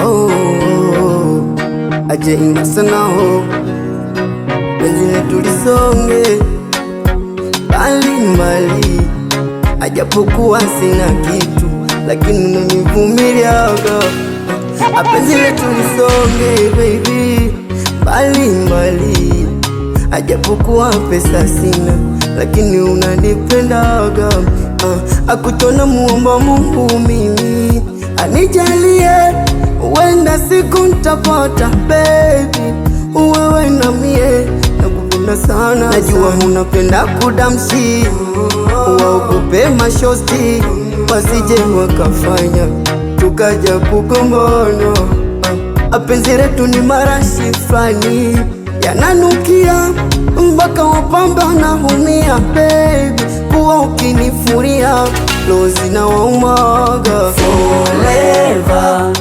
Oh, aje ingasa naho oh. tulisonge mbali mbali, ajapokuwa sina kitu, lakini unanivumiliaga. Apenzi oh. letu lisonge baby, mbali mbali, ajapokuwa pesa sina, lakini unanipendaga akutona muomba Mungu mimi anijalie, wenda siku ntapota baby, wewe na mie nakupenda sana, najua munapenda kudamsi, waogope mashosti wasije wakafanya tukaja kugombana. Apenzi letu ni marashi fulani yananukia mpaka wapamba na humia baby kuwa ukinifuria lozi na waumaga forever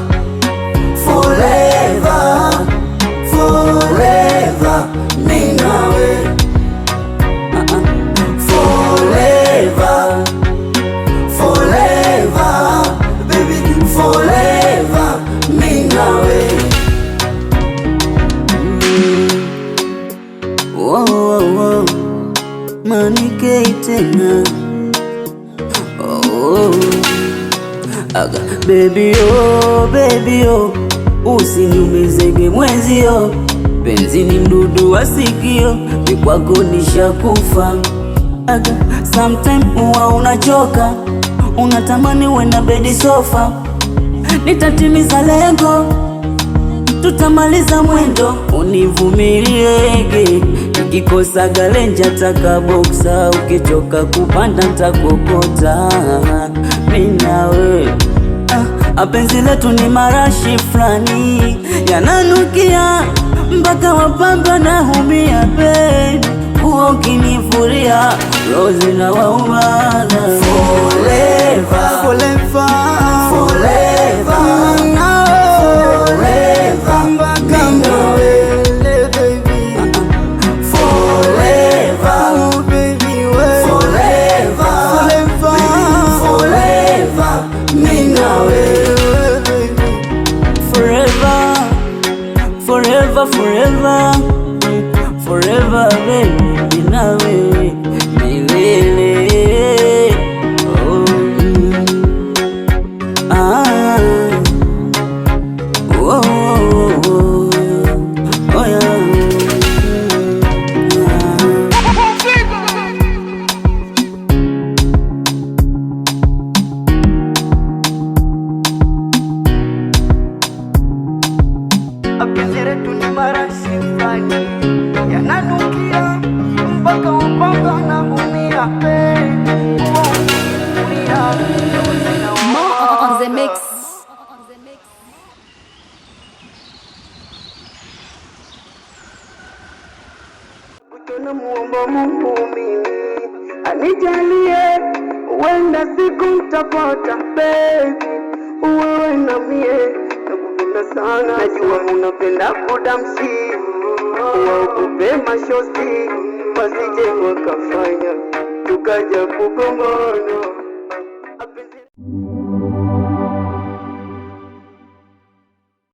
Manike tena oh, aga baby oh, baby oh, usiniumizege mwenzio, penzi ni mdudu wa sikio, nikwako nishakufa. Aga sometime uwa unachoka, unatamani wena bedi sofa. Nitatimiza lengo, tutamaliza mwendo, univumiliege Ukikosa galenja taka boksa, ukichoka kupanda ntakokota mimi Ah, apenzi letu ni marashi fulani yananukia mpaka wapamba na humia pe uo kinifuria rozi na waumana forever, forever. sifai yananukia mpaka upanga na umia oh, namuomba Mungu mimi anijalie, wenda siku ntapata baby, uwe na mie unanipenda sana, najua unapenda kudamsi, waogope mashosti, wasije wakafanya tukaja kugongana.